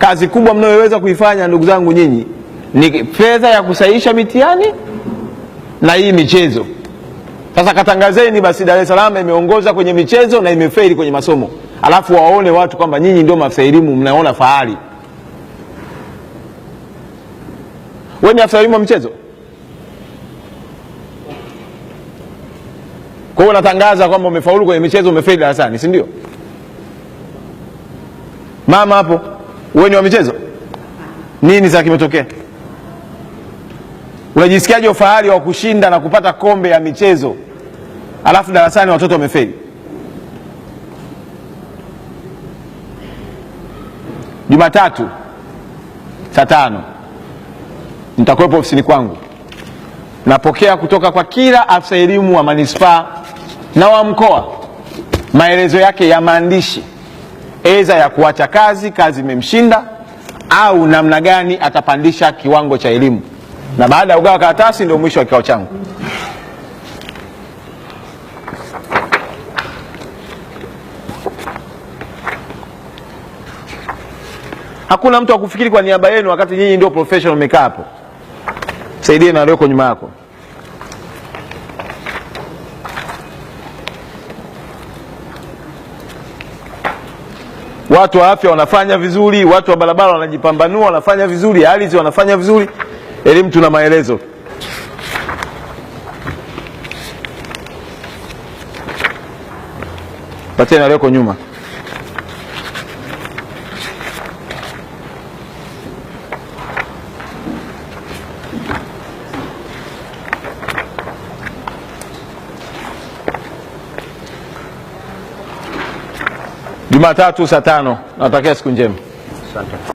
Kazi kubwa mnayoweza kuifanya ndugu zangu nyinyi ni fedha ya kusaisha mitihani na hii michezo. Sasa katangazeni basi, Dar es Salaam imeongoza kwenye michezo na imefeli kwenye masomo, alafu waone watu kwamba nyinyi ndio maafisa mnaona fahari. Wewe ni afisa wa michezo, kwa hiyo unatangaza kwamba umefaulu kwenye michezo, umefeli darasani, si ndio mama hapo? Wewe ni wa michezo nini? sa kimetokea, unajisikiaje ufahari wa kushinda na kupata kombe ya michezo, alafu darasani watoto wamefeli? Jumatatu saa tano nitakuwepo ofisini kwangu, napokea kutoka kwa kila afisa elimu wa manispaa na wa mkoa maelezo yake ya maandishi eza ya kuacha kazi, kazi imemshinda, au namna gani atapandisha kiwango cha elimu. Na baada ya kugawa karatasi, ndio mwisho wa kikao changu. Hakuna mtu akufikiri kwa niaba yenu, wakati nyinyi ndio professional. Mmekaa hapo, saidieni walioko nyuma yako. watu wa afya wanafanya vizuri, watu wa barabara wanajipambanua, wanafanya vizuri, ardhi wanafanya vizuri, elimu tuna maelezo. Pateni walioko nyuma. Jumatatu saa tano. Natakia siku njema, asante.